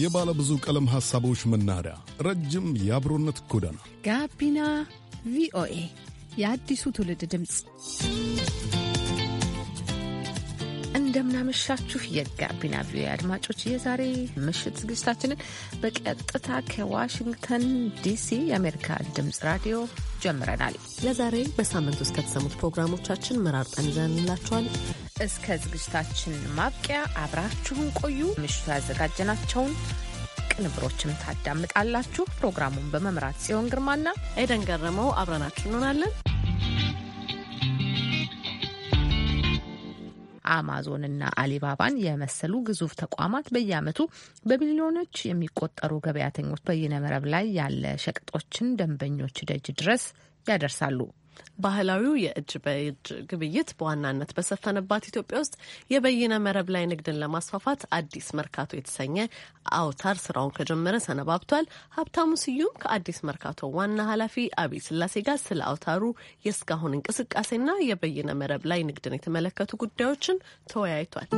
የባለ ብዙ ቀለም ሐሳቦች መናኸሪያ፣ ረጅም የአብሮነት ጎዳና ጋቢና ቪኦኤ የአዲሱ ትውልድ ድምፅ። እንደምናመሻችሁ የጋቢና ቪኦኤ አድማጮች፣ የዛሬ ምሽት ዝግጅታችንን በቀጥታ ከዋሽንግተን ዲሲ የአሜሪካ ድምፅ ራዲዮ ጀምረናል። ለዛሬ በሳምንት ውስጥ ከተሰሙት ፕሮግራሞቻችን መራርጠን ይዘንላችኋል። እስከ ዝግጅታችን ማብቂያ አብራችሁን ቆዩ። ምሽቱ ያዘጋጀናቸውን ቅንብሮችም ታዳምጣላችሁ። ፕሮግራሙን በመምራት ጽዮን ግርማና ኤደን ገረመው አብረናችሁ እንሆናለን። አማዞንና አሊባባን የመሰሉ ግዙፍ ተቋማት በየዓመቱ በሚሊዮኖች የሚቆጠሩ ገበያተኞች በይነመረብ ላይ ያለ ሸቀጦችን ደንበኞች ደጅ ድረስ ያደርሳሉ። ባህላዊው የእጅ በእጅ ግብይት በዋናነት በሰፈነባት ኢትዮጵያ ውስጥ የበይነ መረብ ላይ ንግድን ለማስፋፋት አዲስ መርካቶ የተሰኘ አውታር ስራውን ከጀመረ ሰነባብቷል። ሀብታሙ ስዩም ከአዲስ መርካቶ ዋና ኃላፊ አብይ ስላሴ ጋር ስለ አውታሩ የእስካሁን እንቅስቃሴና የበይነ መረብ ላይ ንግድን የተመለከቱ ጉዳዮችን ተወያይቷል።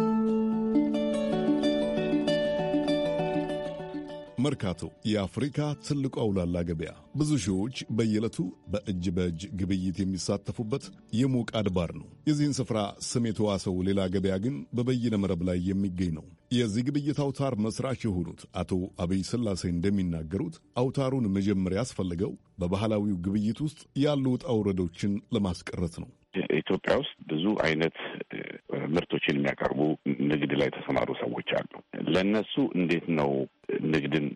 መርካቶ የአፍሪካ ትልቁ አውላላ ገበያ ብዙ ሺዎች በየዕለቱ በእጅ በእጅ ግብይት የሚሳተፉበት የሞቅ አድባር ነው። የዚህን ስፍራ ስም የተዋሰው ሌላ ገበያ ግን በበይነ መረብ ላይ የሚገኝ ነው። የዚህ ግብይት አውታር መስራች የሆኑት አቶ አብይ ስላሴ እንደሚናገሩት አውታሩን መጀመሪያ ያስፈለገው በባህላዊው ግብይት ውስጥ ያሉ ውጣ ውረዶችን ለማስቀረት ነው። ኢትዮጵያ ውስጥ ብዙ አይነት ምርቶችን የሚያቀርቡ ንግድ ላይ የተሰማሩ ሰዎች አሉ። ለእነሱ እንዴት ነው ንግድን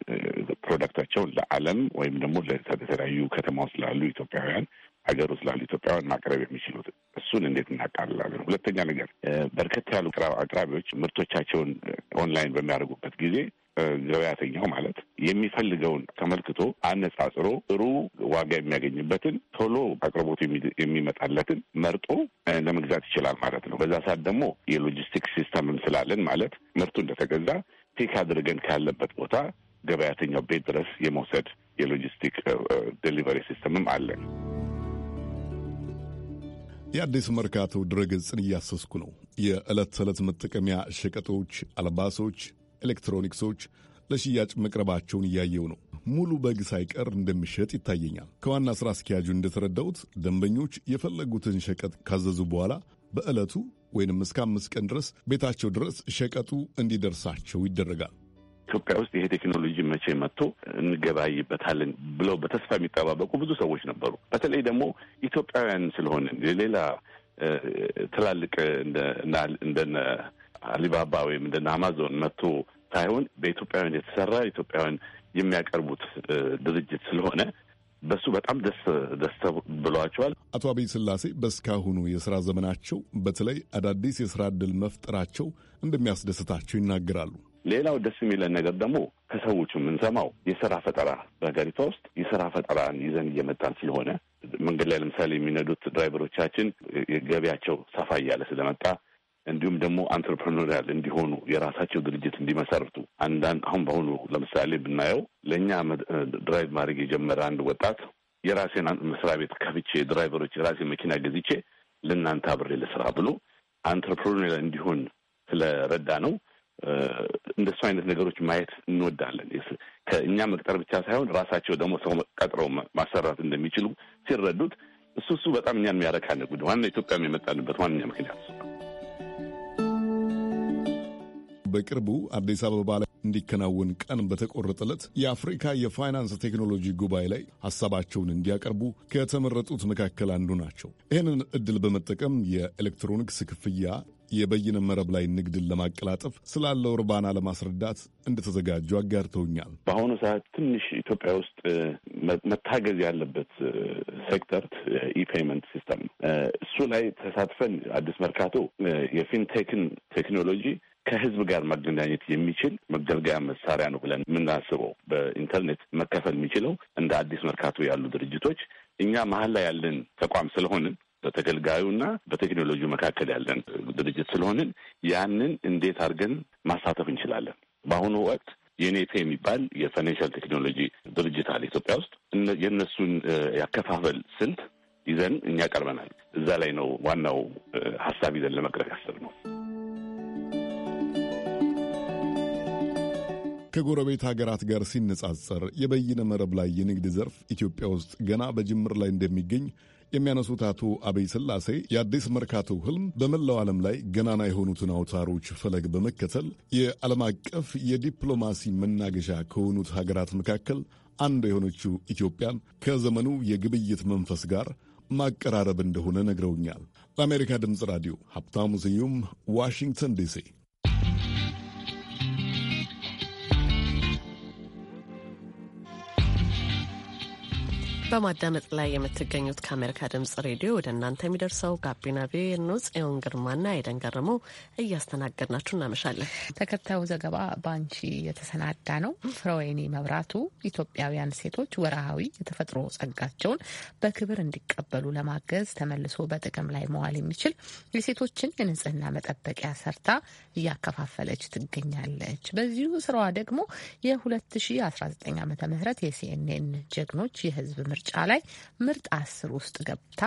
ፕሮዳክታቸውን ለዓለም ወይም ደግሞ ለተለያዩ ከተማ ውስጥ ላሉ ኢትዮጵያውያን ሀገር ውስጥ ላሉ ኢትዮጵያውያን ማቅረብ የሚችሉት እሱን እንዴት እናቃልላለን? ሁለተኛ ነገር በርከት ያሉ አቅራቢዎች ምርቶቻቸውን ኦንላይን በሚያደርጉበት ጊዜ ገበያተኛው ማለት የሚፈልገውን ተመልክቶ አነጻጽሮ ጥሩ ዋጋ የሚያገኝበትን ቶሎ አቅርቦት የሚመጣለትን መርጦ ለመግዛት ይችላል ማለት ነው። በዛ ሰዓት ደግሞ የሎጂስቲክስ ሲስተምም ስላለን ማለት ምርቱ እንደተገዛ ፒክ አድርገን ካለበት ቦታ ገበያተኛው ቤት ድረስ የመውሰድ የሎጂስቲክ ዴሊቨሪ ሲስተምም አለን። የአዲስ መርካቶ ድረገጽን እያሰስኩ ነው። የዕለት ተዕለት መጠቀሚያ ሸቀጦች፣ አልባሶች፣ ኤሌክትሮኒክሶች ለሽያጭ መቅረባቸውን እያየው ነው። ሙሉ በግ ሳይቀር እንደሚሸጥ ይታየኛል። ከዋና ሥራ አስኪያጁ እንደተረዳሁት ደንበኞች የፈለጉትን ሸቀጥ ካዘዙ በኋላ በዕለቱ ወይንም እስከ አምስት ቀን ድረስ ቤታቸው ድረስ ሸቀጡ እንዲደርሳቸው ይደረጋል። ኢትዮጵያ ውስጥ ይሄ ቴክኖሎጂ መቼ መጥቶ እንገባይበታለን ብለው በተስፋ የሚጠባበቁ ብዙ ሰዎች ነበሩ። በተለይ ደግሞ ኢትዮጵያውያን ስለሆነ የሌላ ትላልቅ እንደነ አሊባባ ወይም እንደነ አማዞን መጥቶ ሳይሆን በኢትዮጵያውያን የተሰራ ኢትዮጵያውያን የሚያቀርቡት ድርጅት ስለሆነ በሱ በጣም ደስ ደስ ብሏቸዋል። አቶ አብይ ስላሴ በእስካሁኑ የስራ ዘመናቸው በተለይ አዳዲስ የስራ እድል መፍጠራቸው እንደሚያስደስታቸው ይናገራሉ። ሌላው ደስ የሚለን ነገር ደግሞ ከሰዎቹ የምንሰማው የስራ ፈጠራ በሀገሪቷ ውስጥ የስራ ፈጠራን ይዘን እየመጣን ስለሆነ መንገድ ላይ ለምሳሌ የሚነዱት ድራይቨሮቻችን ገቢያቸው ሰፋ እያለ ስለመጣ እንዲሁም ደግሞ አንትርፕርኖሪያል እንዲሆኑ የራሳቸው ድርጅት እንዲመሰርቱ አንዳንድ አሁን በአሁኑ ለምሳሌ ብናየው ለእኛ ድራይቭ ማድረግ የጀመረ አንድ ወጣት የራሴን መስሪያ ቤት ከፍቼ ድራይቨሮች የራሴን መኪና ገዝቼ ለእናንተ አብሬ ልስራ ብሎ አንትርፕርኖሪያል እንዲሆን ስለረዳ ነው። እንደሱ አይነት ነገሮች ማየት እንወዳለን። ከእኛ መቅጠር ብቻ ሳይሆን ራሳቸው ደግሞ ሰው ቀጥረው ማሰራት እንደሚችሉ ሲረዱት እሱ እሱ በጣም እኛን የሚያረካ የሚያረካን ዋና ኢትዮጵያም የመጣንበት ዋነኛ ምክንያት በቅርቡ አዲስ አበባ ላይ እንዲከናወን ቀን በተቆረጠለት የአፍሪካ የፋይናንስ ቴክኖሎጂ ጉባኤ ላይ ሀሳባቸውን እንዲያቀርቡ ከተመረጡት መካከል አንዱ ናቸው። ይህንን እድል በመጠቀም የኤሌክትሮኒክስ ክፍያ የበይነ መረብ ላይ ንግድን ለማቀላጠፍ ስላለው እርባና ለማስረዳት እንደተዘጋጁ አጋርተውኛል። በአሁኑ ሰዓት ትንሽ ኢትዮጵያ ውስጥ መታገዝ ያለበት ሴክተር ኢፔይመንት ሲስተም ነው። እሱ ላይ ተሳትፈን አዲስ መርካቶ የፊንቴክን ቴክኖሎጂ ከህዝብ ጋር ማገናኘት የሚችል መገልገያ መሳሪያ ነው ብለን የምናስበው በኢንተርኔት መከፈል የሚችለው እንደ አዲስ መርካቶ ያሉ ድርጅቶች እኛ መሀል ላይ ያለን ተቋም ስለሆንን በተገልጋዩና በቴክኖሎጂ መካከል ያለን ድርጅት ስለሆንን ያንን እንዴት አድርገን ማሳተፍ እንችላለን። በአሁኑ ወቅት የኔቴ የሚባል የፋይናንሻል ቴክኖሎጂ ድርጅት አለ ኢትዮጵያ ውስጥ። የእነሱን ያከፋፈል ስልት ይዘን እኛ ቀርበናል። እዛ ላይ ነው ዋናው ሀሳብ ይዘን ለመቅረብ ያሰብነው። ከጎረቤት ሀገራት ጋር ሲነጻጸር የበይነ መረብ ላይ የንግድ ዘርፍ ኢትዮጵያ ውስጥ ገና በጅምር ላይ እንደሚገኝ የሚያነሱት አቶ አበይ ስላሴ የአዲስ መርካቶ ህልም በመላው ዓለም ላይ ገናና የሆኑትን አውታሮች ፈለግ በመከተል የዓለም አቀፍ የዲፕሎማሲ መናገሻ ከሆኑት ሀገራት መካከል አንዱ የሆነችው ኢትዮጵያን ከዘመኑ የግብይት መንፈስ ጋር ማቀራረብ እንደሆነ ነግረውኛል። ለአሜሪካ ድምፅ ራዲዮ ሀብታሙ ስዩም ዋሽንግተን ዲሲ በማዳመጥ ላይ የምትገኙት ከአሜሪካ ድምጽ ሬዲዮ ወደ እናንተ የሚደርሰው ጋቢና ቪኦኤ ነው። ጽዮን ግርማና አይደን ገረመው እያስተናገድናችሁ እናመሻለን። ተከታዩ ዘገባ በአንቺ የተሰናዳ ነው። ፍሮዌኒ መብራቱ ኢትዮጵያውያን ሴቶች ወርሃዊ የተፈጥሮ ጸጋቸውን በክብር እንዲቀበሉ ለማገዝ ተመልሶ በጥቅም ላይ መዋል የሚችል የሴቶችን የንጽህና መጠበቂያ ሰርታ እያከፋፈለች ትገኛለች። በዚሁ ስራዋ ደግሞ የ2019 ዓ ም የሲኤንኤን ጀግኖች የህዝብ ምርጫ ላይ ምርጥ አስር ውስጥ ገብታ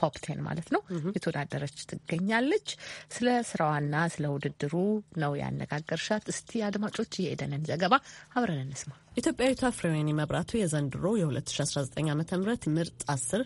ቶፕ ቴን ማለት ነው የተወዳደረች ትገኛለች። ስለ ስራዋና ስለ ውድድሩ ነው ያነጋገርሻት። እስቲ አድማጮች የኤደንን ዘገባ አብረን እንስማ። ኢትዮጵያዊቷ ፍሬወይኒ መብራቱ የዘንድሮ የ2019 ዓ ም ምርጥ አስር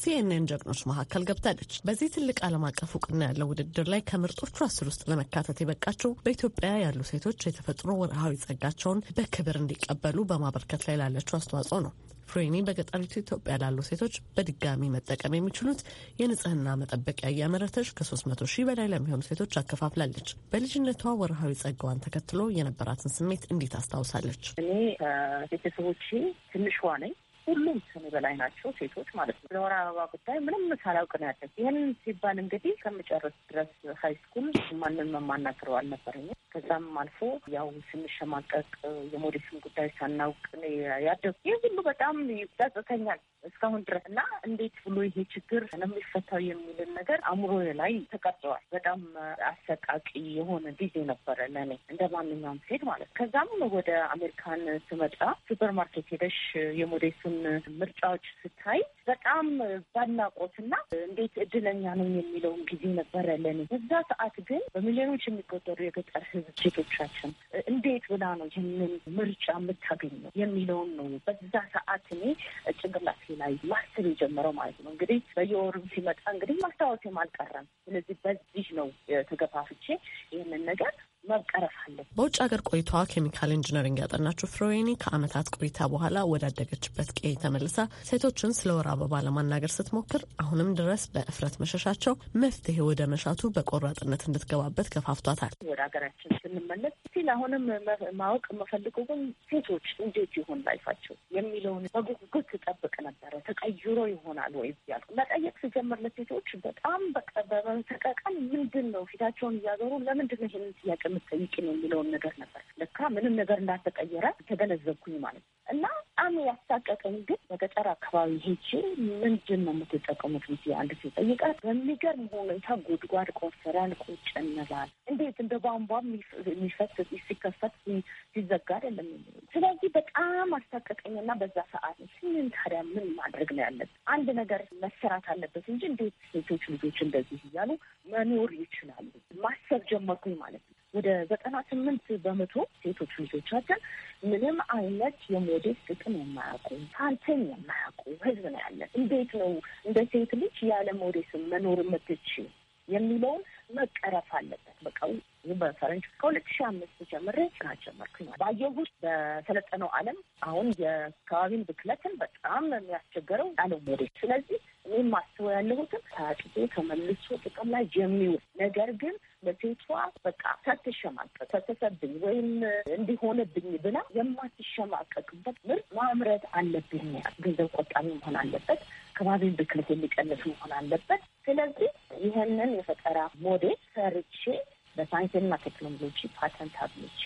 ሲኤንኤን ጀግኖች መካከል ገብታለች። በዚህ ትልቅ ዓለም አቀፍ እውቅና ያለው ውድድር ላይ ከምርጦቹ አስር ውስጥ ለመካተት የበቃቸው በኢትዮጵያ ያሉ ሴቶች የተፈጥሮ ወርሃዊ ጸጋቸውን በክብር እንዲቀበሉ በማበርከት ላይ ላለችው አስተዋጽኦ ነው። ፍሬኒ በገጠሪቱ ኢትዮጵያ ላሉ ሴቶች በድጋሚ መጠቀም የሚችሉት የንጽህና መጠበቂያ እያመረተች ከ300 ሺህ በላይ ለሚሆኑ ሴቶች አከፋፍላለች። በልጅነቷ ወርሃዊ ጸጋዋን ተከትሎ የነበራትን ስሜት እንዴት አስታውሳለች? እኔ ከቤተሰቦቼ ትንሿ ነኝ። ሁሉም ስሜ በላይ ናቸው ሴቶች ማለት ነው። ለወር አበባ ጉዳይ ምንም ሳላውቅ ነው ያለ። ይህንን ሲባል እንግዲህ ከምጨርስ ድረስ ሀይ ስኩል ማንም የማናግረው ከዛም አልፎ ያው ስንሸማቀቅ የሞዴስን ጉዳይ ሳናውቅ ያደጉ ይህ ሁሉ በጣም ይጸጽተኛል እስካሁን ድረስ እና እንዴት ብሎ ይሄ ችግር ነው የሚፈታው የሚልን ነገር አእምሮ ላይ ተቀርጸዋል። በጣም አሰቃቂ የሆነ ጊዜ ነበረ ለእኔ እንደ ማንኛውም ሴት ማለት ነው። ከዛም ወደ አሜሪካን ስመጣ ሱፐርማርኬት ሄደሽ የሞዴሱን ምርጫዎች ስታይ በጣም ባናቆትና እንዴት እድለኛ ነው የሚለውን ጊዜ ነበር ያለን። በዛ ሰዓት ግን በሚሊዮኖች የሚቆጠሩ የገጠር ህዝብ ሴቶቻችን እንዴት ብላ ነው ይህንን ምርጫ የምታገኘው የሚለውን ነው በዛ ሰዓት እኔ ጭንቅላቴ ላይ ማስብ የጀመረው ማለት ነው። እንግዲህ በየወሩም ሲመጣ እንግዲህ ማስታወሴም አልቀረም። ስለዚህ በዚህ ነው ተገፋፍቼ ይህንን ነገር መቀረፍ አለን። በውጭ ሀገር ቆይታ ኬሚካል ኢንጂነሪንግ ያጠናችው ፍሮዌኒ ከአመታት ቆይታ በኋላ ወዳደገችበት ቀዬ ተመልሳ ሴቶችን ስለ ወር አበባ ለማናገር ስትሞክር አሁንም ድረስ በእፍረት መሸሻቸው መፍትሄ ወደ መሻቱ በቆራጥነት እንድትገባበት ገፋፍቷታል። ወደ ሀገራችን ስንመለስ ሲል አሁንም ማወቅ የምፈልገው ግን ሴቶች እንዴት ይሆን ላይፋቸው የሚለውን በጉጉት ትጠብቅ ነበረ። ተቀይሮ ይሆናል ወይ ያልኩ መጠየቅ ስጀምር ለሴቶች በጣም በመሰቀቀን ምንድን ነው ፊታቸውን እያዞሩ ለምንድን ነው ይህንን ጥያቄ ነው የሚለውን ነገር ነበር። ለካ ምንም ነገር እንዳልተቀየረ ተገነዘብኩኝ ማለት ነው። እና በጣም ያሳቀቀኝ ግን በገጠር አካባቢ ሄጄ ምንድን ነው የምትጠቀሙት ምስ አንድ ሴት ጠይቃት፣ በሚገርም ሁኔታ ጉድጓድ ቆፍረን ቁጭ እንላል። እንዴት እንደ ቧንቧ የሚፈት ሲከፈት ሲዘጋ አይደለም። ስለዚህ በጣም አስታቀቀኝና በዛ ሰዓት ስምን ታዲያ ምን ማድረግ ነው ያለብን? አንድ ነገር መሰራት አለበት እንጂ እንዴት ሴቶች ልጆች እንደዚህ እያሉ መኖር ይችላሉ? ማሰብ ጀመርኩኝ ማለት ነው። ወደ ዘጠና ስምንት በመቶ ሴቶች ልጆቻችን ምንም አይነት የሞዴስ ጥቅም የማያውቁ ፓርቴን የማያውቁ ህዝብ ነው ያለን። እንዴት ነው እንደ ሴት ልጅ ያለ ሞዴስ መኖር ምትች የሚለውን መቀረፍ አለበት። በቃ በፈረንጅ ከሁለት ሺ አምስት ጀምሬ ጥናት ጀመርኩኝ። ባየሁት በሰለጠነው ዓለም አሁን የአካባቢን ብክለትን በጣም የሚያስቸገረው ዓለም ወደ ስለዚህ እኔም ማስበው ያለሁትም ታጥቦ ተመልሶ ጥቅም ላይ የሚውል ነገር ግን ለሴቷ በቃ ሳትሸማቀቅ ተተሰብኝ ወይም እንዲሆንብኝ ብላ የማትሸማቀቅበት ምርት ማምረት አለብኝ። ገንዘብ ቆጣቢ መሆን አለበት። ከባቢን ብክለት የሚቀንስ መሆን አለበት። ስለዚህ ይህንን የፈጠራ ሞዴል ሰርቼ በሳይንስና ቴክኖሎጂ ፓተንት አግኝቼ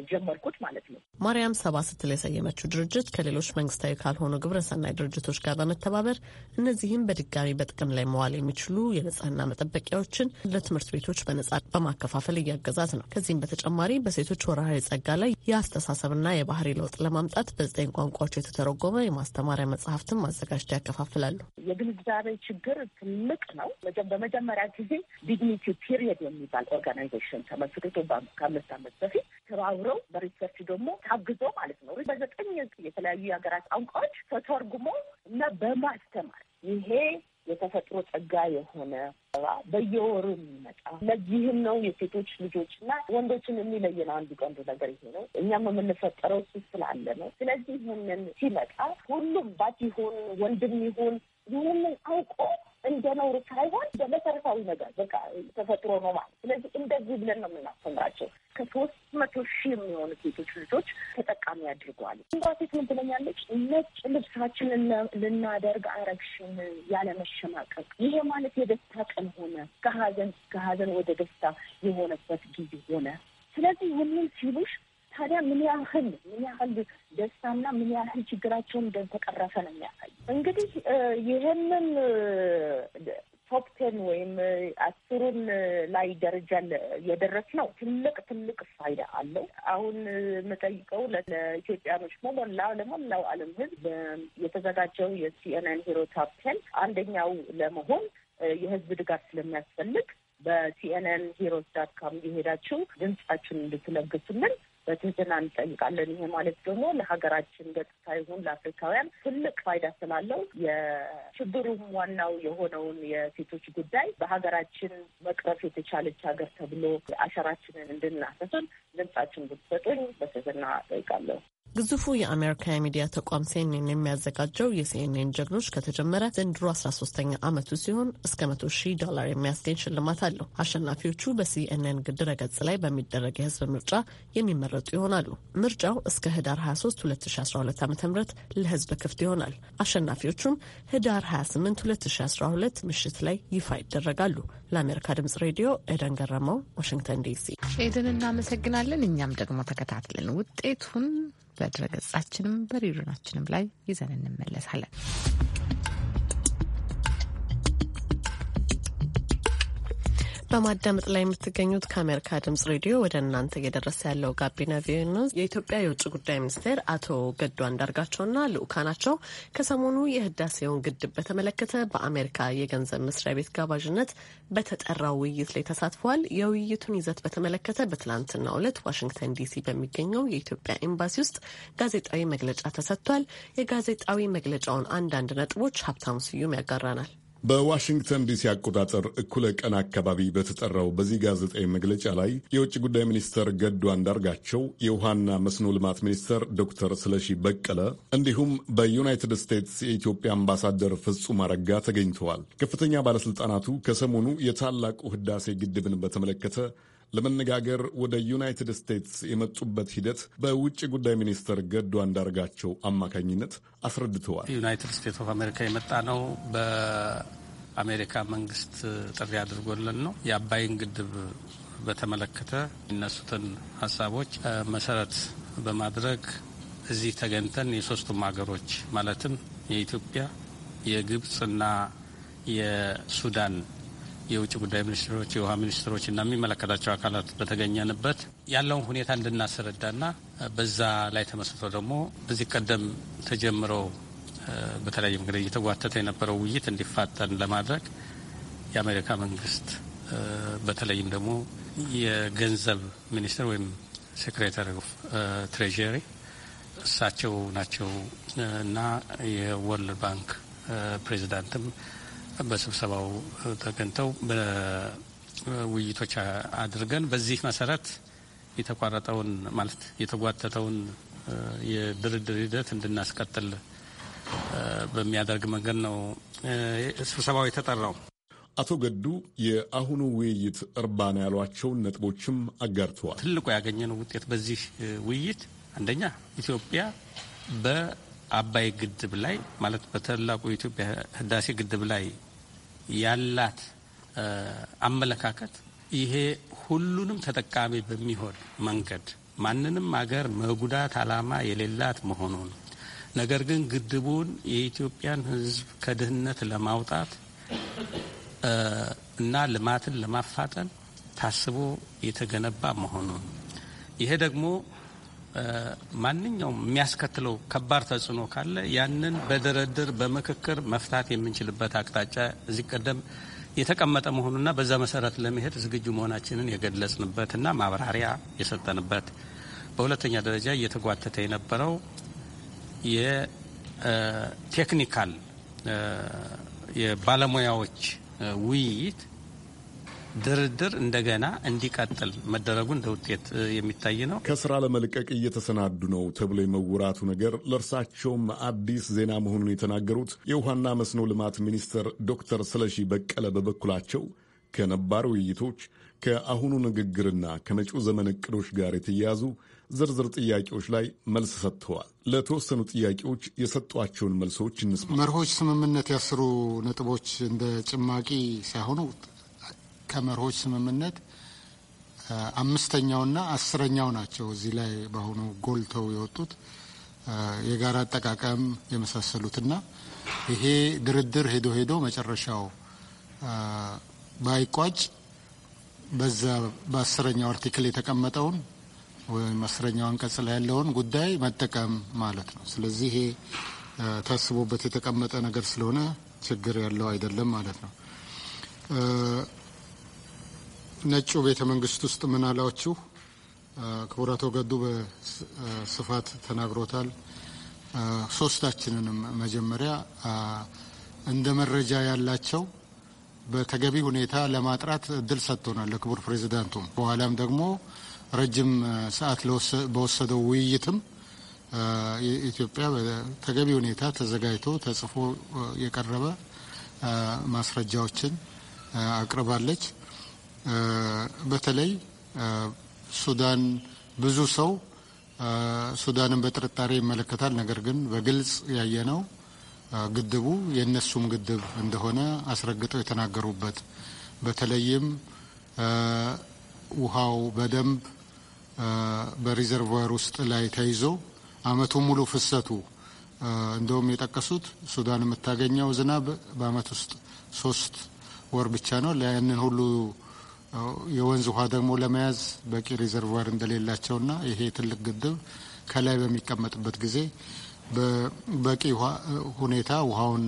የጀመርኩት ማለት ነው። ማርያም ሰባ ስትል የሰየመችው ድርጅት ከሌሎች መንግስታዊ ካልሆኑ ግብረሰናይ ድርጅቶች ጋር በመተባበር እነዚህም በድጋሚ በጥቅም ላይ መዋል የሚችሉ የንጽህና መጠበቂያዎችን ለትምህርት ቤቶች በነጻ በማከፋፈል እያገዛት ነው። ከዚህም በተጨማሪ በሴቶች ወርሃዊ ጸጋ ላይ የአስተሳሰብና የባህሪ ለውጥ ለማምጣት በዘጠኝ ቋንቋዎች የተተረጎመ የማስተማሪያ መጽሐፍትን ማዘጋጀት ያከፋፍላሉ። የግንዛቤ ችግር ትልቅ ነው። በመጀመሪያ ጊዜ ዲግኒቲ ፒሪየድ የሚባል ኦርጋናይዜሽን ተመስርቶ ከአምስት ዓመት በፊት ተባብረው በሪሰርች ደግሞ ታግዞ ማለት ነው በዘጠኝ የተለያዩ የሀገራት ቋንቋዎች ተተርጉሞ እና በማስተማር ይሄ የተፈጥሮ ጸጋ የሆነ በየወሩ የሚመጣ ለዚህም ነው የሴቶች ልጆች እና ወንዶችን የሚለየን አንዱ ቀንዱ ነገር ይሄ ነው። እኛም የምንፈጠረው እሱ ስላለ ነው። ስለዚህ ይህንን ሲመጣ ሁሉም ባት ይሁን ወንድም ይሁን ይህንን አውቆ እንደ ነውር ሳይሆን በመሰረታዊ ነገር በቃ ተፈጥሮ ነው ማለት። ስለዚህ እንደዚህ ብለን ነው የምናስተምራቸው። ከሶስት መቶ ሺህ የሚሆኑ ሴቶች ልጆች ተጠቃሚ አድርገዋል። እንኳ ሴት ምን ትለኛለች? ነጭ ልብሳችንን ልናደርግ አረግሽን ያለመሸማቀቅ። ይሄ ማለት የደስታ ቀን ሆነ፣ ከሀዘን ከሀዘን ወደ ደስታ የሆነበት ጊዜ ሆነ። ስለዚህ ሁሉም ሲሉሽ ታዲያ ምን ያህል ምን ያህል ደስታና ምን ያህል ችግራቸውን እንደተቀረፈ ነው የሚያሳይ። እንግዲህ ይህንን ቶፕ ቴን ወይም አስሩን ላይ ደረጃ የደረስ ነው ትልቅ ትልቅ ፋይዳ አለው። አሁን የምጠይቀው ለኢትዮጵያኖች ሞላ ለሞላው ዓለም ሕዝብ የተዘጋጀው የሲኤንኤን ሂሮ ቶፕ ቴን አንደኛው ለመሆን የህዝብ ድጋፍ ስለሚያስፈልግ በሲኤንኤን ሂሮስ ዳት ካም የሄዳችሁ ድምጻችሁን እንድትለግሱልን በትህትና እንጠይቃለን። ይሄ ማለት ደግሞ ለሀገራችን ገጽታ ይሁን ለአፍሪካውያን ትልቅ ፋይዳ ስላለው የችግሩም ዋናው የሆነውን የሴቶች ጉዳይ በሀገራችን መቅረፍ የተቻለች ሀገር ተብሎ አሸራችንን እንድናሰፍን ድምጻችን ብትሰጡኝ በትህትና እጠይቃለሁ። ግዙፉ የአሜሪካ የሚዲያ ተቋም ሲኤንኤን የሚያዘጋጀው የሲኤንኤን ጀግኖች ከተጀመረ ዘንድሮ 13ተኛ ዓመቱ ሲሆን እስከ 100 ሺህ ዶላር የሚያስገኝ ሽልማት አለው። አሸናፊዎቹ በሲኤንኤን ድረገጽ ላይ በሚደረግ የህዝብ ምርጫ የሚመረጡ ይሆናሉ። ምርጫው እስከ ህዳር 23 2012 ዓ ም ለህዝብ ክፍት ይሆናል። አሸናፊዎቹም ህዳር 28 2012 ምሽት ላይ ይፋ ይደረጋሉ። ለአሜሪካ ድምጽ ሬዲዮ ኤደን ገረመው፣ ዋሽንግተን ዲሲ። ኤደን እናመሰግናለን። እኛም ደግሞ ተከታትለን ውጤቱን በድረገጻችንም በሬዲዮናችንም ላይ ይዘን እንመለሳለን። በማዳመጥ ላይ የምትገኙት ከአሜሪካ ድምጽ ሬዲዮ ወደ እናንተ እየደረሰ ያለው ጋቢና ቪኦኤ ነው። የኢትዮጵያ የውጭ ጉዳይ ሚኒስቴር አቶ ገዱ አንዳርጋቸውና ልዑካናቸው ከሰሞኑ የህዳሴውን ግድብ በተመለከተ በአሜሪካ የገንዘብ መስሪያ ቤት ጋባዥነት በተጠራው ውይይት ላይ ተሳትፈዋል። የውይይቱን ይዘት በተመለከተ በትላንትናው ዕለት ዋሽንግተን ዲሲ በሚገኘው የኢትዮጵያ ኤምባሲ ውስጥ ጋዜጣዊ መግለጫ ተሰጥቷል። የጋዜጣዊ መግለጫውን አንዳንድ ነጥቦች ሀብታሙ ስዩም ያጋራናል። በዋሽንግተን ዲሲ አቆጣጠር እኩለ ቀን አካባቢ በተጠራው በዚህ ጋዜጣዊ መግለጫ ላይ የውጭ ጉዳይ ሚኒስተር ገዱ አንዳርጋቸው፣ የውሃና መስኖ ልማት ሚኒስተር ዶክተር ስለሺ በቀለ እንዲሁም በዩናይትድ ስቴትስ የኢትዮጵያ አምባሳደር ፍጹም አረጋ ተገኝተዋል። ከፍተኛ ባለስልጣናቱ ከሰሞኑ የታላቁ ህዳሴ ግድብን በተመለከተ ለመነጋገር ወደ ዩናይትድ ስቴትስ የመጡበት ሂደት በውጭ ጉዳይ ሚኒስትር ገዱ አንዳርጋቸው አማካኝነት አስረድተዋል። ዩናይትድ ስቴትስ ኦፍ አሜሪካ የመጣ ነው በአሜሪካ መንግስት ጥሪ አድርጎልን ነው የአባይን ግድብ በተመለከተ የሚነሱትን ሀሳቦች መሰረት በማድረግ እዚህ ተገኝተን የሶስቱም ሀገሮች ማለትም የኢትዮጵያ የግብፅና የሱዳን የውጭ ጉዳይ ሚኒስትሮች፣ የውሃ ሚኒስትሮች እና የሚመለከታቸው አካላት በተገኘንበት ያለውን ሁኔታ እንድናስረዳና በዛ ላይ ተመስርቶ ደግሞ በዚህ ቀደም ተጀምረው በተለያየ መንገድ እየተጓተተ የነበረው ውይይት እንዲፋጠን ለማድረግ የአሜሪካ መንግስት በተለይም ደግሞ የገንዘብ ሚኒስትር ወይም ሴክሬታሪ ኦፍ እሳቸው ናቸው እና የወርልድ ባንክ ፕሬዚዳንትም በስብሰባው ተገኝተው በውይይቶች አድርገን በዚህ መሰረት የተቋረጠውን ማለት የተጓተተውን የድርድር ሂደት እንድናስቀጥል በሚያደርግ መንገድ ነው ስብሰባው የተጠራው። አቶ ገዱ የአሁኑ ውይይት እርባና ያሏቸውን ነጥቦችም አጋርተዋል። ትልቁ ያገኘነው ውጤት በዚህ ውይይት አንደኛ ኢትዮጵያ በአባይ ግድብ ላይ ማለት በታላቁ የኢትዮጵያ ህዳሴ ግድብ ላይ ያላት አመለካከት ይሄ ሁሉንም ተጠቃሚ በሚሆን መንገድ ማንንም አገር መጉዳት ዓላማ የሌላት መሆኑን ነገር ግን ግድቡን የኢትዮጵያን ሕዝብ ከድህነት ለማውጣት እና ልማትን ለማፋጠን ታስቦ የተገነባ መሆኑን ይሄ ደግሞ ማንኛውም የሚያስከትለው ከባድ ተጽዕኖ ካለ ያንን በድርድር በምክክር መፍታት የምንችልበት አቅጣጫ እዚህ ቀደም የተቀመጠ መሆኑና በዛ መሰረት ለመሄድ ዝግጁ መሆናችንን የገለጽንበትና ማብራሪያ የሰጠንበት በሁለተኛ ደረጃ እየተጓተተ የነበረው የቴክኒካል የባለሙያዎች ውይይት ድርድር እንደገና እንዲቀጥል መደረጉ እንደ ውጤት የሚታይ ነው። ከስራ ለመልቀቅ እየተሰናዱ ነው ተብሎ የመወራቱ ነገር ለእርሳቸውም አዲስ ዜና መሆኑን የተናገሩት የውሃና መስኖ ልማት ሚኒስትር ዶክተር ስለሺ በቀለ በበኩላቸው ከነባር ውይይቶች ከአሁኑ ንግግርና ከመጪው ዘመን እቅዶች ጋር የተያያዙ ዝርዝር ጥያቄዎች ላይ መልስ ሰጥተዋል። ለተወሰኑ ጥያቄዎች የሰጧቸውን መልሶች እንስማ። መርሆች ስምምነት ያስሩ ነጥቦች እንደ ጭማቂ ሳይሆኑ ከመርሆች ስምምነት አምስተኛውና አስረኛው ናቸው። እዚህ ላይ በአሁኑ ጎልተው የወጡት የጋራ አጠቃቀም የመሳሰሉትና ይሄ ድርድር ሄዶ ሄዶ መጨረሻው ባይቋጭ በዛ በአስረኛው አርቲክል የተቀመጠውን ወይም አስረኛው አንቀጽ ላይ ያለውን ጉዳይ መጠቀም ማለት ነው። ስለዚህ ይሄ ታስቦበት የተቀመጠ ነገር ስለሆነ ችግር ያለው አይደለም ማለት ነው። ነጩ ቤተ መንግስት ውስጥ ምን አላችሁ? ክቡር አቶ ገዱ በስፋት ተናግሮታል። ሶስታችንንም መጀመሪያ እንደ መረጃ ያላቸው በተገቢ ሁኔታ ለማጥራት እድል ሰጥቶናል ለክቡር ፕሬዚዳንቱም በኋላም ደግሞ ረጅም ሰዓት በወሰደው ውይይትም ኢትዮጵያ በተገቢ ሁኔታ ተዘጋጅቶ ተጽፎ የቀረበ ማስረጃዎችን አቅርባለች። በተለይ ሱዳን ብዙ ሰው ሱዳንን በጥርጣሬ ይመለከታል። ነገር ግን በግልጽ ያየ ነው። ግድቡ የእነሱም ግድብ እንደሆነ አስረግጠው የተናገሩበት በተለይም ውሃው በደንብ በሪዘርቫር ውስጥ ላይ ተይዞ አመቱ ሙሉ ፍሰቱ እንደውም የጠቀሱት ሱዳን የምታገኘው ዝናብ በአመት ውስጥ ሶስት ወር ብቻ ነው። ያንን ሁሉ የወንዝ ውሃ ደግሞ ለመያዝ በቂ ሪዘርቫር እንደሌላቸውና ይሄ ትልቅ ግድብ ከላይ በሚቀመጥበት ጊዜ በቂ ሁኔታ ውሃውን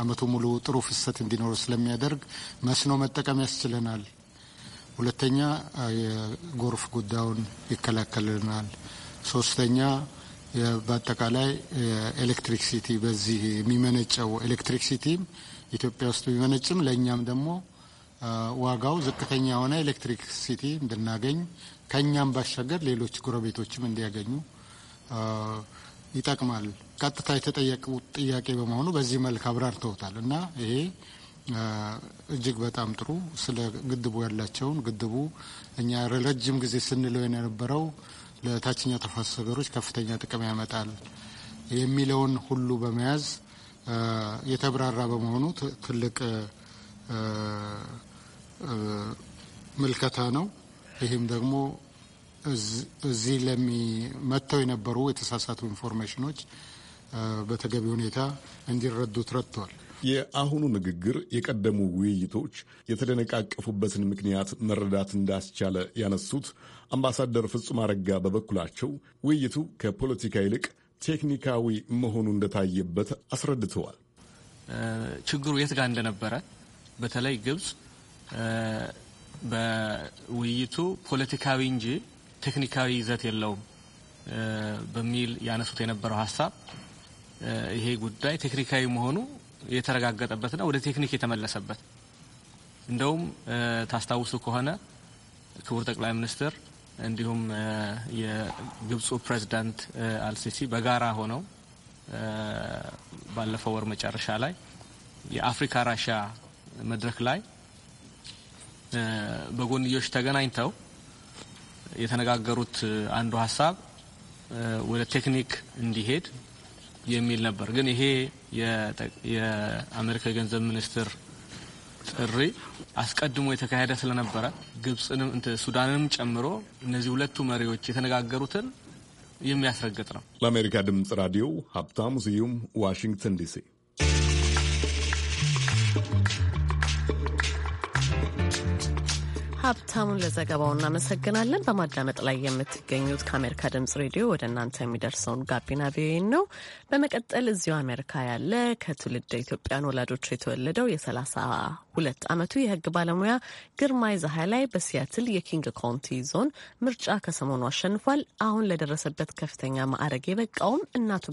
አመቱ ሙሉ ጥሩ ፍሰት እንዲኖር ስለሚያደርግ መስኖ መጠቀም ያስችለናል። ሁለተኛ የጎርፍ ጉዳዩን ይከላከልናል። ሶስተኛ በአጠቃላይ ኤሌክትሪክ ሲቲ በዚህ የሚመነጨው ኤሌክትሪክ ሲቲም ኢትዮጵያ ውስጥ ቢመነጭም ለእኛም ደግሞ ዋጋው ዝቅተኛ የሆነ ኤሌክትሪክ ሲቲ እንድናገኝ ከእኛም ባሻገር ሌሎች ጎረቤቶችም እንዲያገኙ ይጠቅማል። ቀጥታ የተጠየቁት ጥያቄ በመሆኑ በዚህ መልክ አብራርተውታል እና ይሄ እጅግ በጣም ጥሩ ስለ ግድቡ ያላቸውን ግድቡ እኛ ረጅም ጊዜ ስንለው የነበረው ለታችኛው ተፋሰስ ሀገሮች ከፍተኛ ጥቅም ያመጣል የሚለውን ሁሉ በመያዝ የተብራራ በመሆኑ ትልቅ ምልከታ ነው። ይህም ደግሞ እዚህ ለሚመጥተው የነበሩ የተሳሳቱ ኢንፎርሜሽኖች በተገቢ ሁኔታ እንዲረዱት ረድተዋል። የአሁኑ ንግግር የቀደሙ ውይይቶች የተደነቃቀፉበትን ምክንያት መረዳት እንዳስቻለ ያነሱት አምባሳደር ፍጹም አረጋ በበኩላቸው ውይይቱ ከፖለቲካ ይልቅ ቴክኒካዊ መሆኑ እንደታየበት አስረድተዋል። ችግሩ የት ጋር እንደነበረ በተለይ ግብጽ በውይይቱ ፖለቲካዊ እንጂ ቴክኒካዊ ይዘት የለውም በሚል ያነሱት የነበረው ሀሳብ ይሄ ጉዳይ ቴክኒካዊ መሆኑ የተረጋገጠበትና ወደ ቴክኒክ የተመለሰበት እንደውም ታስታውሱ ከሆነ ክቡር ጠቅላይ ሚኒስትር እንዲሁም የግብፁ ፕሬዚዳንት አልሲሲ በጋራ ሆነው ባለፈው ወር መጨረሻ ላይ የአፍሪካ ራሽያ መድረክ ላይ በጎንዮሽ ተገናኝተው የተነጋገሩት አንዱ ሀሳብ ወደ ቴክኒክ እንዲሄድ የሚል ነበር። ግን ይሄ የአሜሪካ የገንዘብ ሚኒስትር ጥሪ አስቀድሞ የተካሄደ ስለነበረ ግብጽንም ሱዳንንም ጨምሮ እነዚህ ሁለቱ መሪዎች የተነጋገሩትን የሚያስረግጥ ነው። ለአሜሪካ ድምጽ ራዲዮ ሀብታሙ ስዩም ዋሽንግተን ዲሲ ሀብታሙን ለዘገባው እናመሰግናለን። በማዳመጥ ላይ የምትገኙት ከአሜሪካ ድምጽ ሬዲዮ ወደ እናንተ የሚደርሰውን ጋቢና ቪኦኤ ነው። በመቀጠል እዚሁ አሜሪካ ያለ ከትውልድ ኢትዮጵያን ወላጆች የተወለደው የሰላሳ ሁለት ዓመቱ የህግ ባለሙያ ግርማይ ዛሀይ ላይ በሲያትል የኪንግ ካውንቲ ዞን ምርጫ ከሰሞኑ አሸንፏል። አሁን ለደረሰበት ከፍተኛ ማዕረግ የበቃውም እናቱ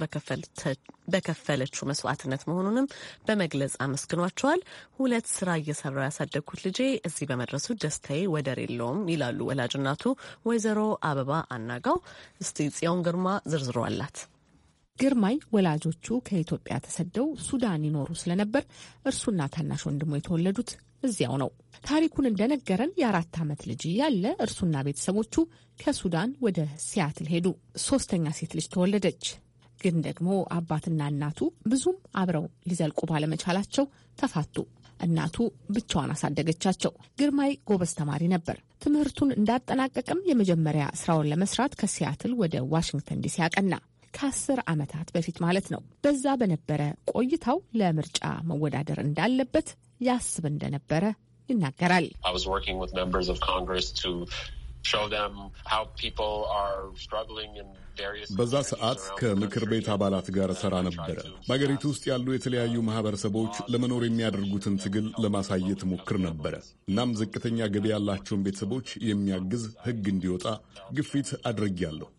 በከፈለችው መስዋዕትነት መሆኑንም በመግለጽ አመስግኗቸዋል። ሁለት ስራ እየሰራው ያሳደግኩት ልጄ እዚህ በመድረሱ ደስታዬ ወደር የለውም ይላሉ ወላጅ እናቱ ወይዘሮ አበባ አናጋው። እስቲ ጽዮን ግርማ ዝርዝሮ አላት። ግርማይ ወላጆቹ ከኢትዮጵያ ተሰደው ሱዳን ይኖሩ ስለነበር እርሱና ታናሽ ወንድሞ የተወለዱት እዚያው ነው። ታሪኩን እንደነገረን የአራት ዓመት ልጅ ያለ እርሱና ቤተሰቦቹ ከሱዳን ወደ ሲያትል ሄዱ። ሶስተኛ ሴት ልጅ ተወለደች። ግን ደግሞ አባትና እናቱ ብዙም አብረው ሊዘልቁ ባለመቻላቸው ተፋቱ። እናቱ ብቻዋን አሳደገቻቸው። ግርማይ ጎበዝ ተማሪ ነበር። ትምህርቱን እንዳጠናቀቅም የመጀመሪያ ስራውን ለመስራት ከሲያትል ወደ ዋሽንግተን ዲሲ ያቀና ከአስር ዓመታት በፊት ማለት ነው። በዛ በነበረ ቆይታው ለምርጫ መወዳደር እንዳለበት ያስብ እንደነበረ ይናገራል። በዛ ሰዓት ከምክር ቤት አባላት ጋር ሰራ ነበረ። በአገሪቱ ውስጥ ያሉ የተለያዩ ማህበረሰቦች ለመኖር የሚያደርጉትን ትግል ለማሳየት ሞክር ነበረ። እናም ዝቅተኛ ገቢ ያላቸውን ቤተሰቦች የሚያግዝ ሕግ እንዲወጣ ግፊት አድርጌያለሁ።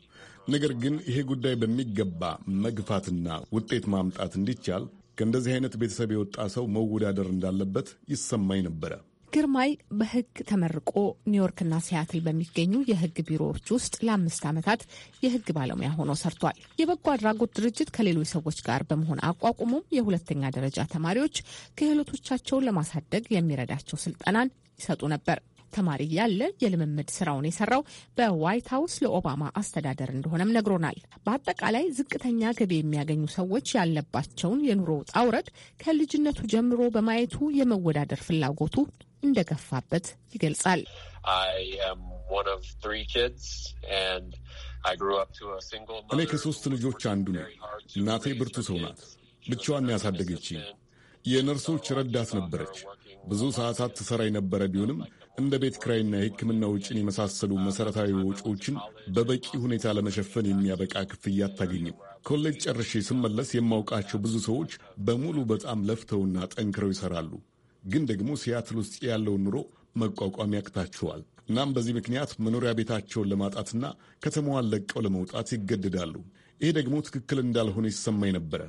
ነገር ግን ይሄ ጉዳይ በሚገባ መግፋትና ውጤት ማምጣት እንዲቻል ከእንደዚህ አይነት ቤተሰብ የወጣ ሰው መወዳደር እንዳለበት ይሰማኝ ነበረ። ግርማይ በሕግ ተመርቆ ኒውዮርክና ሲያትል በሚገኙ የህግ ቢሮዎች ውስጥ ለአምስት ዓመታት የህግ ባለሙያ ሆኖ ሰርቷል። የበጎ አድራጎት ድርጅት ከሌሎች ሰዎች ጋር በመሆን አቋቁሞም የሁለተኛ ደረጃ ተማሪዎች ክህሎቶቻቸውን ለማሳደግ የሚረዳቸው ስልጠናን ይሰጡ ነበር። ተማሪ ያለ የልምምድ ስራውን የሰራው በዋይት ሀውስ ለኦባማ አስተዳደር እንደሆነም ነግሮናል። በአጠቃላይ ዝቅተኛ ገቢ የሚያገኙ ሰዎች ያለባቸውን የኑሮ ውጣ ውረድ ከልጅነቱ ጀምሮ በማየቱ የመወዳደር ፍላጎቱ እንደገፋበት ይገልጻል። እኔ ከሶስት ልጆች አንዱ ነው። እናቴ ብርቱ ሰው ናት። ብቻዋን ያሳደገችኝ የነርሶች ረዳት ነበረች። ብዙ ሰዓታት ትሰራ የነበረ ቢሆንም እንደ ቤት ክራይና የሕክምና ውጭን የመሳሰሉ መሠረታዊ ወጪዎችን በበቂ ሁኔታ ለመሸፈን የሚያበቃ ክፍያ አታገኝም። ኮሌጅ ጨርሼ ስመለስ የማውቃቸው ብዙ ሰዎች በሙሉ በጣም ለፍተውና ጠንክረው ይሠራሉ። ግን ደግሞ ሲያትል ውስጥ ያለውን ኑሮ መቋቋም ያቅታቸዋል። እናም በዚህ ምክንያት መኖሪያ ቤታቸውን ለማጣትና ከተማዋን ለቀው ለመውጣት ይገደዳሉ። ይሄ ደግሞ ትክክል እንዳልሆነ ይሰማኝ ነበረ።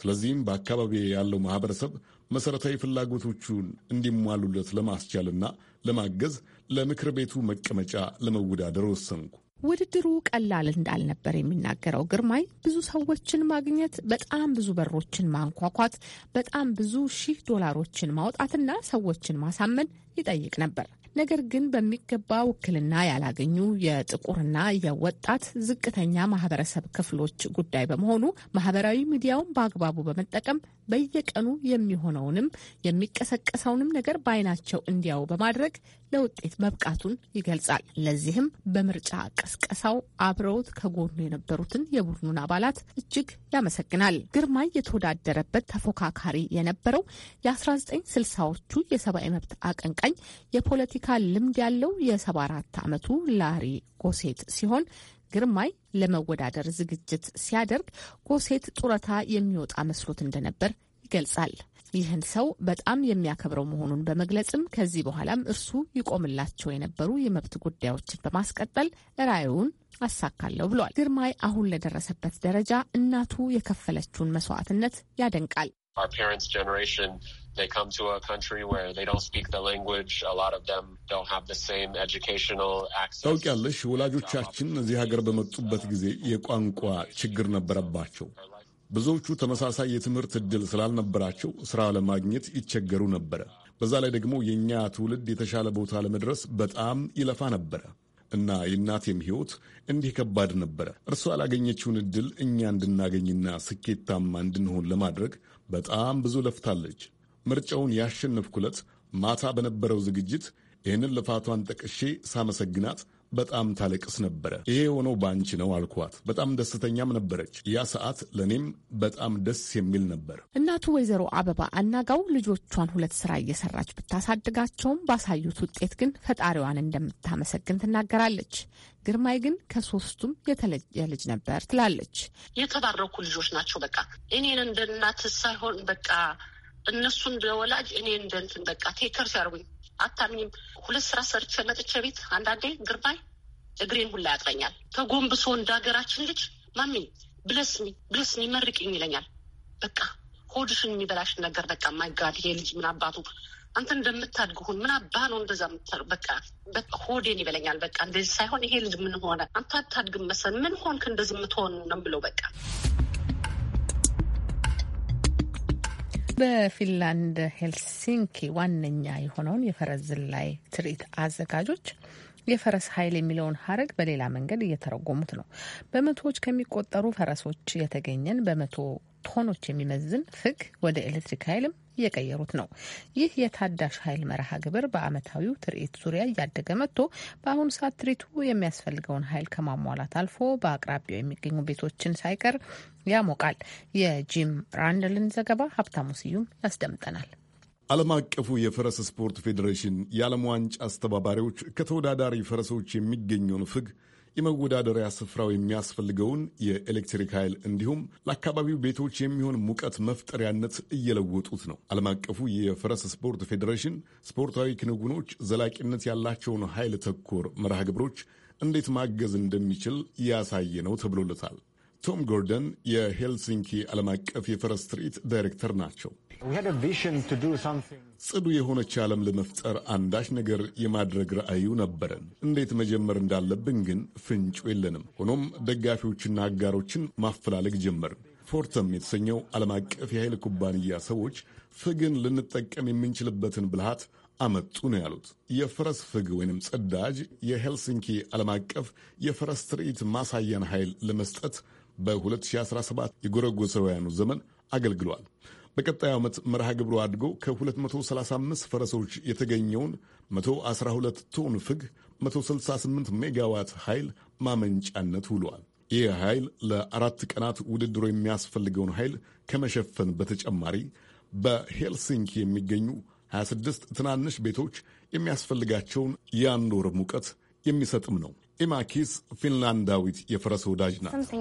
ስለዚህም በአካባቢ ያለው ማህበረሰብ መሠረታዊ ፍላጎቶቹን እንዲሟሉለት ለማስቻልና ለማገዝ ለምክር ቤቱ መቀመጫ ለመወዳደር ወሰንኩ። ውድድሩ ቀላል እንዳልነበር የሚናገረው ግርማይ ብዙ ሰዎችን ማግኘት፣ በጣም ብዙ በሮችን ማንኳኳት፣ በጣም ብዙ ሺህ ዶላሮችን ማውጣትና ሰዎችን ማሳመን ይጠይቅ ነበር። ነገር ግን በሚገባ ውክልና ያላገኙ የጥቁርና የወጣት ዝቅተኛ ማህበረሰብ ክፍሎች ጉዳይ በመሆኑ ማህበራዊ ሚዲያውን በአግባቡ በመጠቀም በየቀኑ የሚሆነውንም የሚቀሰቀሰውንም ነገር በአይናቸው እንዲያው በማድረግ ለውጤት መብቃቱን ይገልጻል። ለዚህም በምርጫ ቀስቀሳው አብረውት ከጎኑ የነበሩትን የቡድኑን አባላት እጅግ ያመሰግናል። ግርማይ የተወዳደረበት ተፎካካሪ የነበረው የ1960ዎቹ የሰብአዊ መብት አቀንቃኝ የፖለቲካ የፖለቲካ ልምድ ያለው የ74 ዓመቱ ላሪ ጎሴት ሲሆን ግርማይ ለመወዳደር ዝግጅት ሲያደርግ ጎሴት ጡረታ የሚወጣ መስሎት እንደነበር ይገልጻል። ይህን ሰው በጣም የሚያከብረው መሆኑን በመግለጽም ከዚህ በኋላም እርሱ ይቆምላቸው የነበሩ የመብት ጉዳዮችን በማስቀጠል ራዕዩን አሳካለሁ ብሏል። ግርማይ አሁን ለደረሰበት ደረጃ እናቱ የከፈለችውን መስዋዕትነት ያደንቃል። Our parents' generation, they come to a country where they don't speak the language. A lot of them don't have the same educational access. ታውቂያለሽ፣ ወላጆቻችን እዚህ ሀገር በመጡበት ጊዜ የቋንቋ ችግር ነበረባቸው። ብዙዎቹ ተመሳሳይ የትምህርት እድል ስላልነበራቸው ስራ ለማግኘት ይቸገሩ ነበረ። በዛ ላይ ደግሞ የእኛ ትውልድ የተሻለ ቦታ ለመድረስ በጣም ይለፋ ነበረ። እና የእናቴም ህይወት እንዲህ ከባድ ነበረ። እርሷ ያላገኘችውን እድል እኛ እንድናገኝና ስኬታማ እንድንሆን ለማድረግ በጣም ብዙ ለፍታለች። ምርጫውን ያሸነፍኩለት ማታ በነበረው ዝግጅት ይህንን ልፋቷን ጠቅሼ ሳመሰግናት በጣም ታለቅስ ነበረ። ይሄ የሆነው በአንቺ ነው አልኳት። በጣም ደስተኛም ነበረች። ያ ሰዓት ለእኔም በጣም ደስ የሚል ነበር። እናቱ ወይዘሮ አበባ አናጋው ልጆቿን ሁለት ስራ እየሰራች ብታሳድጋቸውም ባሳዩት ውጤት ግን ፈጣሪዋን እንደምታመሰግን ትናገራለች። ግርማይ ግን ከሶስቱም የተለየ ልጅ ነበር ትላለች። የተባረኩ ልጆች ናቸው። በቃ እኔን እንደ እናት ሳይሆን በቃ እነሱ ወላጅ እኔ እንደንትን በቃ ቴከር ሲያርጉኝ አታምኝም። ሁለት ስራ ሰርቼ መጥቼ ቤት አንዳንዴ ግርባይ እግሬን ሁላ ያጥረኛል። ተጎንብሶ እንደ ሀገራችን ልጅ ማሚኝ ብለስሚ ብለስሚ መርቅኝ ይለኛል። በቃ ሆድሽን የሚበላሽ ነገር በቃ ማይጋድ ይሄ ልጅ ምን አባቱ አንተ እንደምታድግሁን ምን አባ ነው እንደዛ የምታደርገው? በቃ ሆዴን ይበለኛል። በቃ እንደዚህ ሳይሆን ይሄ ልጅ ምን ሆነ አንተ አታድግም መሰል ምን ሆንክ እንደዚህ የምትሆን ነው ብለው በቃ በፊንላንድ ሄልሲንኪ ዋነኛ የሆነውን የፈረስ ዝላይ ትርኢት አዘጋጆች የፈረስ ኃይል የሚለውን ሀረግ በሌላ መንገድ እየተረጎሙት ነው። በመቶዎች ከሚቆጠሩ ፈረሶች የተገኘን በመቶ ቶኖች የሚመዝን ፍግ ወደ ኤሌክትሪክ ኃይልም እየቀየሩት ነው። ይህ የታዳሽ ኃይል መርሃ ግብር በአመታዊው ትርኢት ዙሪያ እያደገ መጥቶ በአሁኑ ሰዓት ትርኢቱ የሚያስፈልገውን ኃይል ከማሟላት አልፎ በአቅራቢያው የሚገኙ ቤቶችን ሳይቀር ያሞቃል። የጂም ራንደልን ዘገባ ሀብታሙ ስዩም ያስደምጠናል። ዓለም አቀፉ የፈረስ ስፖርት ፌዴሬሽን የዓለም ዋንጫ አስተባባሪዎች ከተወዳዳሪ ፈረሶች የሚገኘውን ፍግ የመወዳደሪያ ስፍራው የሚያስፈልገውን የኤሌክትሪክ ኃይል እንዲሁም ለአካባቢው ቤቶች የሚሆን ሙቀት መፍጠሪያነት እየለወጡት ነው። ዓለም አቀፉ የፈረስ ስፖርት ፌዴሬሽን ስፖርታዊ ክንውኖች ዘላቂነት ያላቸውን ኃይል ተኮር መርሃ ግብሮች እንዴት ማገዝ እንደሚችል ያሳየ ነው ተብሎለታል። ቶም ጎርደን የሄልሲንኪ ዓለም አቀፍ የፈረስ ትርኢት ዳይሬክተር ናቸው። ጽዱ የሆነች ዓለም ለመፍጠር አንዳች ነገር የማድረግ ራዕዩ ነበረን። እንዴት መጀመር እንዳለብን ግን ፍንጩ የለንም። ሆኖም ደጋፊዎችና አጋሮችን ማፈላለግ ጀመርን። ፎርተም የተሰኘው ዓለም አቀፍ የኃይል ኩባንያ ሰዎች ፍግን ልንጠቀም የምንችልበትን ብልሃት አመጡ ነው ያሉት። የፈረስ ፍግ ወይንም ጽዳጅ የሄልሲንኪ ዓለም አቀፍ የፈረስ ትርኢት ማሳያን ኃይል ለመስጠት በ2017 የጎረጎሰውያኑ ዘመን አገልግሏል። በቀጣዩ ዓመት መርሃ ግብሩ አድጎ ከ235 ፈረሶች የተገኘውን 112 ቶን ፍግ 168 ሜጋዋት ኃይል ማመንጫነት ውሏል። ይህ ኃይል ለአራት ቀናት ውድድሩ የሚያስፈልገውን ኃይል ከመሸፈን በተጨማሪ በሄልሲንኪ የሚገኙ 26 ትናንሽ ቤቶች የሚያስፈልጋቸውን የአንድ ወር ሙቀት የሚሰጥም ነው። ኢማኪስ ፊንላንዳዊት የፈረስ ወዳጅ ናት።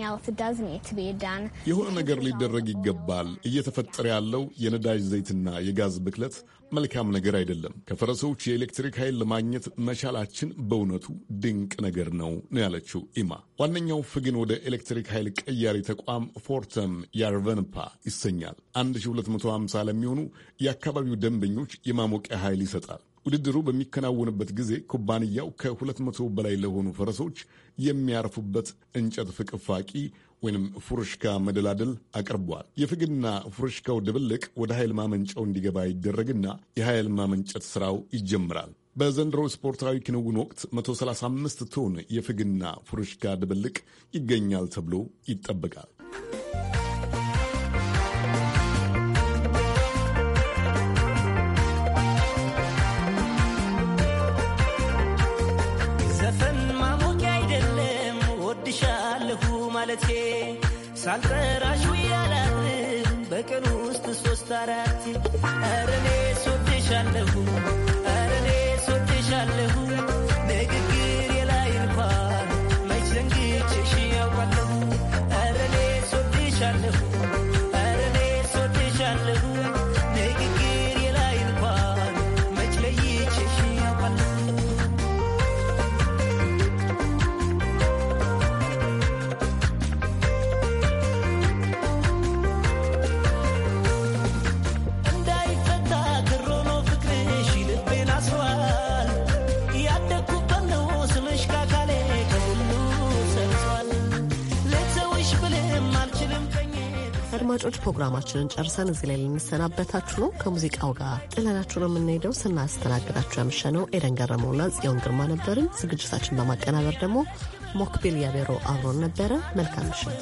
የሆነ ነገር ሊደረግ ይገባል። እየተፈጠረ ያለው የነዳጅ ዘይትና የጋዝ ብክለት መልካም ነገር አይደለም። ከፈረሶች የኤሌክትሪክ ኃይል ለማግኘት መቻላችን በእውነቱ ድንቅ ነገር ነው ነው ያለችው ኢማ። ዋነኛው ፍግን ወደ ኤሌክትሪክ ኃይል ቀያሪ ተቋም ፎርተም ያርቨንፓ ይሰኛል። 1250 ለሚሆኑ የአካባቢው ደንበኞች የማሞቂያ ኃይል ይሰጣል። ውድድሩ በሚከናወንበት ጊዜ ኩባንያው ከ200 በላይ ለሆኑ ፈረሶች የሚያርፉበት እንጨት ፍቅፋቂ ወይም ፉርሽካ መደላደል አቅርቧል። የፍግና ፉርሽካው ድብልቅ ወደ ኃይል ማመንጫው እንዲገባ ይደረግና የኃይል ማመንጨት ሥራው ይጀምራል። በዘንድሮ ስፖርታዊ ክንውን ወቅት 135 ቶን የፍግና ፉርሽካ ድብልቅ ይገኛል ተብሎ ይጠበቃል። ማለቴ ሳልጠራሽ ውያላድርም በቀን ውስጥ ሶስት አራት ኧረ እኔ አድማጮች ፕሮግራማችንን ጨርሰን እዚህ ላይ ልንሰናበታችሁ ነው። ከሙዚቃው ጋር ጥለናችሁ ነው የምንሄደው። ስናስተናግዳችሁ ያመሸነው ኤደን ገረመውና ጽዮን ግርማ ነበርን። ዝግጅታችን በማቀናበር ደግሞ ሞክቢል ያቤሮ አብሮን ነበረ። መልካም ምሽት።